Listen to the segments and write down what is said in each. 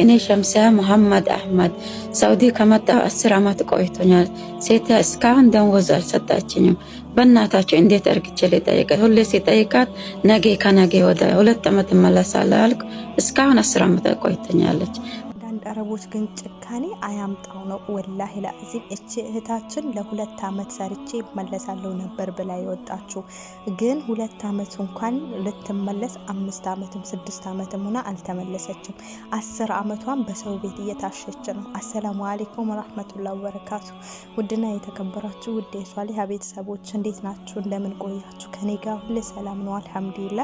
እኔ ሸምሲያ መሐመድ አህመድ ሳውዲ ከመጣሁ አስር ዓመት ቆይቶኛል። ሴት እስካሁን ደሞዝ አልሰጣችኝም። በእናታቸው እንዴት እርግቼ ልጠይቃት? ሁሌ ሲጠይቃት ነገ ከነገ ወደ ሁለት ዓመት እመለሳለሁ አልኩ። እስካሁን አስር ዓመት ቆይቶኛለች። ቀንደረቦች ግን ጭካኔ አያምጣው ነው። ወላሂ ላዚም እቺ እህታችን ለሁለት ዓመት ሰርቼ ይመለሳለሁ ነበር ብላ የወጣችው ግን ሁለት ዓመት እንኳን ልትመለስ አምስት ዓመትም ስድስት ዓመትም ሆና አልተመለሰችም። አስር ዓመቷን በሰው ቤት እየታሸች ነው። አሰላሙ አሌይኩም ረህመቱላ ወበረካቱ። ውድና የተከበራችሁ ውድ የሷሊሀ ቤተሰቦች እንዴት ናችሁ? እንደምን ቆያችሁ? ከኔ ጋር ሁሌ ሰላም ነው አልሐምዱሊላ።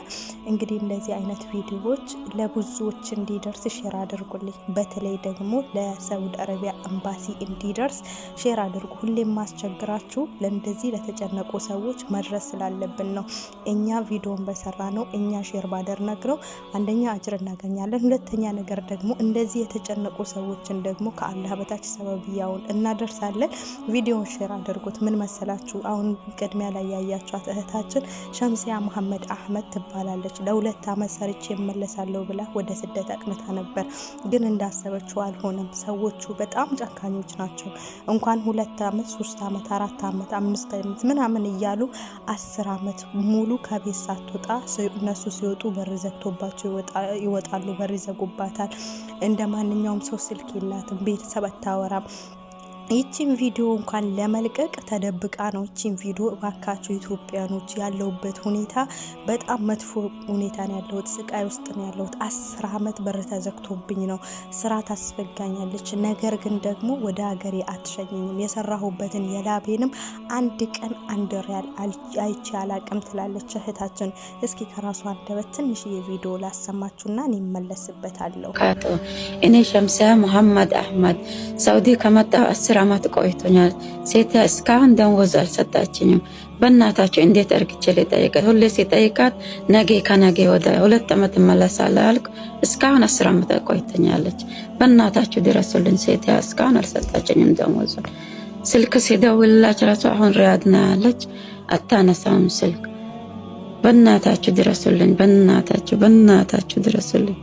እንግዲህ እንደዚህ አይነት ቪዲዮዎች ለብዙዎች እንዲደርስ ሼር አድርጉልኝ። በተለይ ደግሞ ለሳውዲ አረቢያ ኤምባሲ እንዲደርስ ሼር አድርጉ። ሁሌም ማስቸግራችሁ ለእንደዚህ ለተጨነቁ ሰዎች መድረስ ስላለብን ነው። እኛ ቪዲዮን በሰራ ነው እኛ ሼር ባደረግ ነው አንደኛ አጅር እናገኛለን። ሁለተኛ ነገር ደግሞ እንደዚህ የተጨነቁ ሰዎችን ደግሞ ከአላህ በታች ሰበብያውን እናደርሳለን። ቪዲዮን ሼር አድርጉት። ምን መሰላችሁ አሁን ቅድሚያ ላይ ያያችኋት እህታችን ሸምሲያ መሐመድ አህመድ ትባላለች። ለሁለት አመት ሰርቼ እመለሳለሁ ብላ ወደ ስደት አቅንታ ነበር ግን እንዳሰ ያሰበችው አልሆነም። ሰዎቹ በጣም ጨካኞች ናቸው። እንኳን ሁለት አመት፣ ሶስት አመት፣ አራት አመት፣ አምስት አመት ምናምን እያሉ አስር አመት ሙሉ ከቤት ሳትወጣ እነሱ ሲወጡ በር ዘግቶባቸው ይወጣሉ። በር ይዘጉባታል። እንደ ማንኛውም ሰው ስልክ የላትም። ቤተሰብ አታወራም። ይቺን ቪዲዮ እንኳን ለመልቀቅ ተደብቃ ነው። ይቺን ቪዲዮ እባካችሁ ኢትዮጵያኖች፣ ያለውበት ሁኔታ በጣም መጥፎ ሁኔታ ነው ያለሁት፣ ስቃይ ውስጥ ነው ያለሁት። አስር አመት በር ተዘግቶብኝ ነው። ስራ ታስፈጋኛለች፣ ነገር ግን ደግሞ ወደ ሀገሬ አትሸኘኝም። የሰራሁበትን የላቤንም አንድ ቀን አንድ ሪያል አይቼ አላቅም ትላለች እህታችን። እስኪ ከራሱ አንደበት ትንሽ የቪዲዮ ላሰማችሁና እኔ እመለስበታለሁ። እኔ ሸምሳ ሙሐመድ አህመድ ሳውዲ ከመጣሁ አስር ዓመት ቆይቶኛል። ሴት እስካሁን ደንወዝ አልሰጣችኝም። በእናታቸው እንዴት እርግቼ ልጠይቃት? ሁሌ ሲጠይቃት ነገ ከነገ ወደ ሁለት ዓመት እመለሳለሁ አልኩ። እስካሁን አስር ዓመት ቆይተኛለች። በእናታቸው ድረሱልኝ። ሴት እስካሁን አልሰጣችኝም ደሞዝ። ስልክ ሲደውልላች ራሱ አሁን ሪያድ ነው ያለች፣ አታነሳም ስልክ። በእናታችሁ ድረሱልኝ፣ በእናታችሁ በእናታችሁ ድረሱልኝ።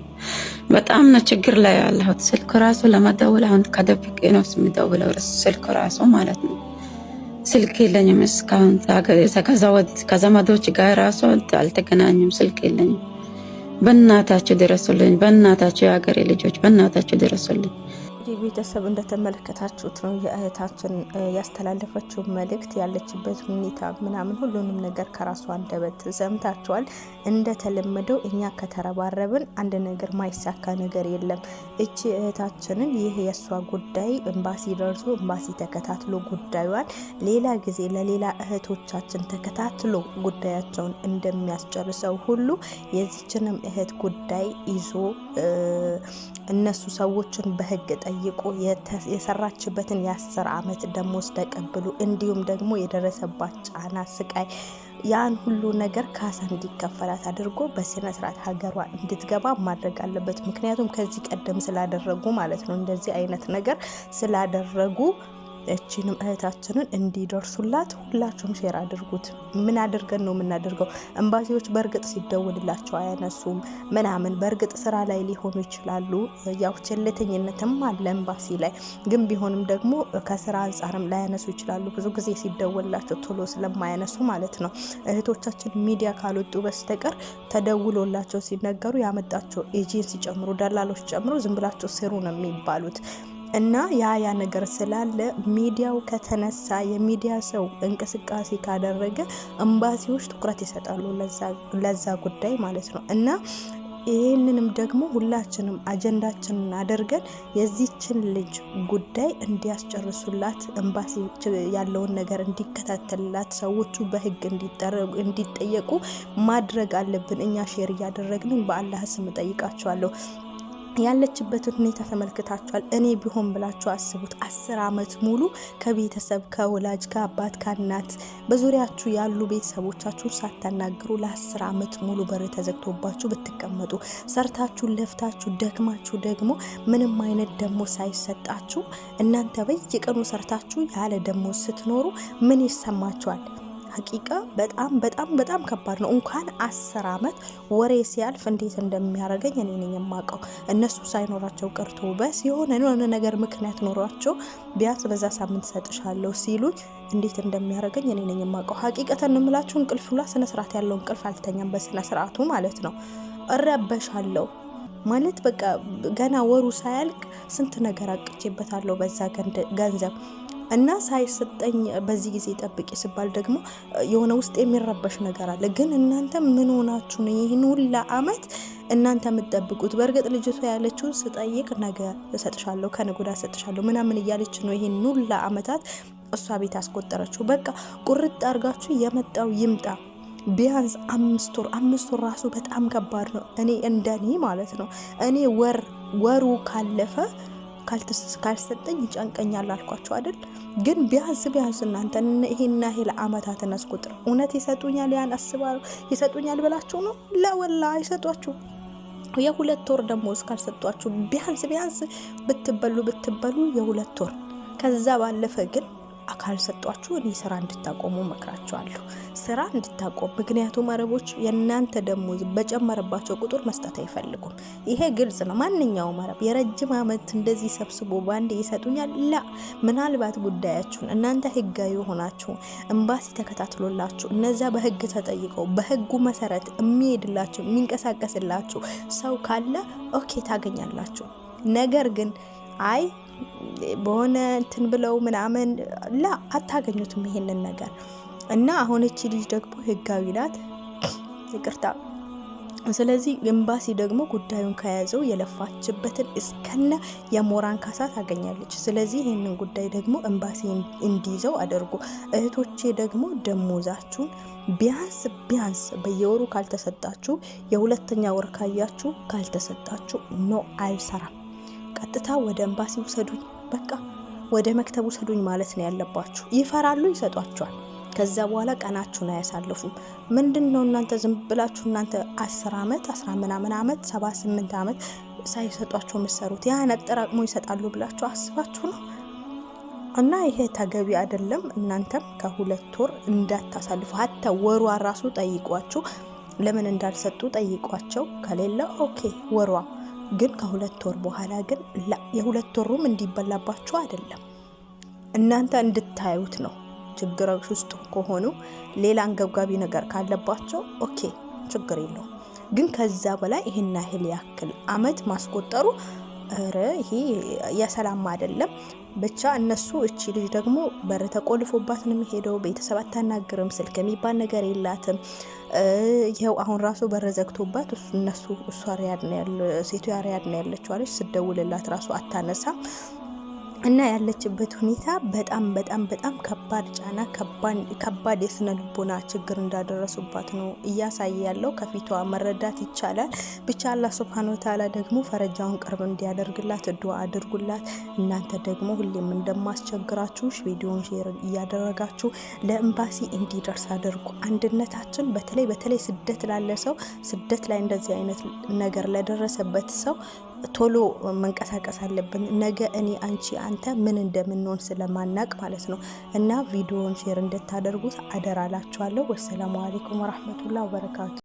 በጣም ነው ችግር ላይ ያለሁት። ስልክ ራሱ ለመደወል አሁን ከደብቄ ነው የሚደውለው ስልክ ራሱ ማለት ነው። ስልክ የለኝም እስካሁን ከዘመዶች ጋር ራሱ አልተገናኝም። ስልክ የለኝም። በእናታቸው ድረሱልኝ፣ በእናታቸው የሀገሬ ልጆች፣ በእናታቸው ድረሱልኝ። እንግዲህ ቤተሰብ እንደተመለከታችሁት ነው የእህታችን ያስተላለፈችው መልእክት፣ ያለችበት ሁኔታ ምናምን ሁሉንም ነገር ከራሷ አንደበት ሰምታችኋል። እንደተለመደው እኛ ከተረባረብን አንድ ነገር ማይሳካ ነገር የለም። እቺ እህታችንን ይህ የእሷ ጉዳይ ኤምባሲ ደርሶ ኤምባሲ ተከታትሎ ጉዳዩን ሌላ ጊዜ ለሌላ እህቶቻችን ተከታትሎ ጉዳያቸውን እንደሚያስጨርሰው ሁሉ የዚችንም እህት ጉዳይ ይዞ እነሱ ሰዎችን በህግ ጠይቆ የሰራችበትን የአስር አመት ደሞዝ ተቀብሎ እንዲሁም ደግሞ የደረሰባት ጫና፣ ስቃይ ያን ሁሉ ነገር ካሳ እንዲከፈላት አድርጎ በስነ ስርዓት ሀገሯ እንድትገባ ማድረግ አለበት። ምክንያቱም ከዚህ ቀደም ስላደረጉ ማለት ነው እንደዚህ አይነት ነገር ስላደረጉ እቺንም እህታችንን እንዲደርሱላት ሁላችሁም ሼር አድርጉት። ምን አድርገን ነው የምናደርገው? ኤምባሲዎች በእርግጥ ሲደወልላቸው አያነሱም ምናምን፣ በእርግጥ ስራ ላይ ሊሆኑ ይችላሉ። ያው ቸልተኝነትም አለ ኤምባሲ ላይ ግን ቢሆንም ደግሞ ከስራ አንጻርም ላያነሱ ይችላሉ። ብዙ ጊዜ ሲደወልላቸው ቶሎ ስለማያነሱ ማለት ነው። እህቶቻችን ሚዲያ ካልወጡ በስተቀር ተደውሎላቸው ሲነገሩ ያመጣቸው ኤጀንሲ ጨምሮ፣ ደላሎች ጨምሮ ዝም ብላቸው ስሩ ነው የሚባሉት። እና ያ ያ ነገር ስላለ ሚዲያው ከተነሳ የሚዲያ ሰው እንቅስቃሴ ካደረገ ኤምባሲዎች ትኩረት ይሰጣሉ ለዛ ጉዳይ ማለት ነው እና ይህንንም ደግሞ ሁላችንም አጀንዳችንን አድርገን የዚችን ልጅ ጉዳይ እንዲያስጨርሱላት ኤምባሲ ያለውን ነገር እንዲከታተልላት ሰዎቹ በህግ እንዲጠየቁ ማድረግ አለብን። እኛ ሼር እያደረግንን በአላህ ስም እጠይቃቸዋለሁ። ያለችበትን ሁኔታ ተመልክታችኋል። እኔ ቢሆን ብላችሁ አስቡት። አስር አመት ሙሉ ከቤተሰብ ከወላጅ ከአባት ከእናት በዙሪያችሁ ያሉ ቤተሰቦቻችሁን ሳታናግሩ ለአስር አመት ሙሉ በር ተዘግቶባችሁ ብትቀመጡ ሰርታችሁ ለፍታችሁ ደክማችሁ ደግሞ ምንም አይነት ደግሞ ሳይሰጣችሁ እናንተ በየቀኑ ሰርታችሁ ያለ ደሞ ስትኖሩ ምን ይሰማችኋል? ሀቂቃ በጣም በጣም በጣም ከባድ ነው። እንኳን አስር አመት ወሬ ሲያልፍ እንዴት እንደሚያደርገኝ እኔ ነኝ የማውቀው። እነሱ ሳይኖራቸው ቀርቶ በስ የሆነ የሆነ ነገር ምክንያት ኖሯቸው ቢያንስ በዛ ሳምንት ሰጥሻለሁ ሲሉኝ እንዴት እንደሚያደርገኝ እኔ ነኝ የማውቀው። ሀቂቀተን እንምላችሁ እንቅልፍ ላ ስነ ስርዓት ያለው እንቅልፍ አልተኛም። በስነ ስርዓቱ ማለት ነው እረበሻለሁ ማለት በቃ ገና ወሩ ሳያልቅ ስንት ነገር አቅቼበታለሁ በዛ ገንዘብ እና ሳይሰጠኝ በዚህ ጊዜ ጠብቂ ስባል ደግሞ የሆነ ውስጥ የሚረበሽ ነገር አለ። ግን እናንተ ምን ሆናችሁ ነው ይህን ሁላ አመት እናንተ የምትጠብቁት? በእርግጥ ልጅቷ ያለችውን ስጠይቅ ነገ እሰጥሻለሁ፣ ከነገ ወዲያ እሰጥሻለሁ ምናምን እያለች ነው ይህን ሁላ አመታት እሷ ቤት ያስቆጠረችው። በቃ ቁርጥ አድርጋችሁ የመጣው ይምጣ። ቢያንስ አምስት ወር አምስት ወር ራሱ በጣም ከባድ ነው። እኔ እንደኔ ማለት ነው እኔ ወር ወሩ ካለፈ ካልሰጠኝ ይጨንቀኛል አልኳቸው አይደል? ግን ቢያዝ ቢያዝ እናንተ ይሄና ይሄ ለአመታትን አስቆጥር እውነት ይሰጡኛል ያን አስባ ይሰጡኛል ብላችሁ ነው? ለወላ አይሰጧችሁ የሁለት ወር ደሞዝ ካልሰጧችሁ ቢያንስ ቢያንስ ብትበሉ ብትበሉ የሁለት ወር ከዛ ባለፈ ግን ካልሰጧችሁ እኔ ስራ እንድታቆሙ መክራችኋለሁ። ስራ እንድታቆም ምክንያቱም አረቦች የእናንተ ደሞዝ በጨመረባቸው ቁጥር መስጠት አይፈልጉም። ይሄ ግልጽ ነው። ማንኛውም አረብ የረጅም አመት እንደዚህ ሰብስቦ በአንድ ይሰጡኛል ላ ምናልባት ጉዳያችሁን እናንተ ህጋዊ ሆናችሁ እምባሲ ተከታትሎላችሁ እነዛ በህግ ተጠይቀው በህጉ መሰረት የሚሄድላችሁ የሚንቀሳቀስላችሁ ሰው ካለ ኦኬ ታገኛላችሁ። ነገር ግን አይ በሆነ እንትን ብለው ምናምን ላ አታገኙትም ይሄንን ነገር እና አሁን እቺ ልጅ ደግሞ ህጋዊ ናት። ይቅርታ ስለዚህ ኤምባሲ ደግሞ ጉዳዩን ከያዘው የለፋችበትን እስከነ የሞራን ካሳ ታገኛለች። ስለዚህ ይህንን ጉዳይ ደግሞ ኤምባሲ እንዲይዘው አድርጉ። እህቶቼ ደግሞ ደሞዛችሁን ቢያንስ ቢያንስ በየወሩ ካልተሰጣችሁ፣ የሁለተኛ ወር ካያችሁ ካልተሰጣችሁ ኖ አይሰራም። ቀጥታ ወደ ኤምባሲ ውሰዱኝ፣ በቃ ወደ መክተብ ውሰዱኝ ማለት ነው ያለባችሁ። ይፈራሉ፣ ይሰጧቸዋል። ከዛ በኋላ ቀናችሁን አያሳልፉም። ምንድን ነው እናንተ ዝም ብላችሁ እናንተ አስር ዓመት አስራ ምናምን ዓመት ሰባ ስምንት ዓመት ሳይሰጧቸው የምትሰሩት ያ አጠራቅሞ ይሰጣሉ ብላችሁ አስባችሁ ነው። እና ይሄ ተገቢ አይደለም። እናንተም ከሁለት ወር እንዳታሳልፉ። ሀታ ወሯ ራሱ ጠይቋችሁ ለምን እንዳልሰጡ ጠይቋቸው። ከሌለ ኦኬ ወሯ ግን ከሁለት ወር በኋላ ግን የሁለት ወሩም እንዲበላባቸው አይደለም፣ እናንተ እንድታዩት ነው። ችግሮች ውስጥ ከሆኑ ሌላ አንገብጋቢ ነገር ካለባቸው ኦኬ ችግር የለውም። ግን ከዛ በላይ ይህን ያህል ያክል አመት ማስቆጠሩ ኧረ ይሄ የሰላም አይደለም። ብቻ እነሱ እቺ ልጅ ደግሞ በር ተቆልፎባት ነው የሚሄደው። ቤተሰብ አታናግርም፣ ስልክ የሚባል ነገር የላትም። ይኸው አሁን ራሱ በር ዘግቶባት እነሱ እሷ ሪያድ ነው ያለ ሴቱ ሪያድ ነው ያለችው አለች። ስደውልላት ራሱ አታነሳ እና ያለችበት ሁኔታ በጣም በጣም በጣም ከባድ ጫና ከባድ የስነ ልቦና ችግር እንዳደረሱባት ነው እያሳየ ያለው ከፊቷ መረዳት ይቻላል። ብቻ አላህ ሱብሃነሁ ወተዓላ ደግሞ ፈረጃውን ቅርብ እንዲያደርግላት ዱዓ አድርጉላት። እናንተ ደግሞ ሁሌም እንደማስቸግራችሁ ቪዲዮን ሼር እያደረጋችሁ ለኤምባሲ እንዲደርስ አድርጉ። አንድነታችን በተለይ በተለይ ስደት ላለ ሰው ስደት ላይ እንደዚህ አይነት ነገር ለደረሰበት ሰው ቶሎ መንቀሳቀስ አለብን። ነገ እኔ አንቺ አንተ ምን እንደምንሆን ስለማናቅ ማለት ነው። እና ቪዲዮውን ሼር እንድታደርጉት አደራላችኋለሁ። ወሰላሙ አሌይኩም ወረህመቱላ ወበረካቱ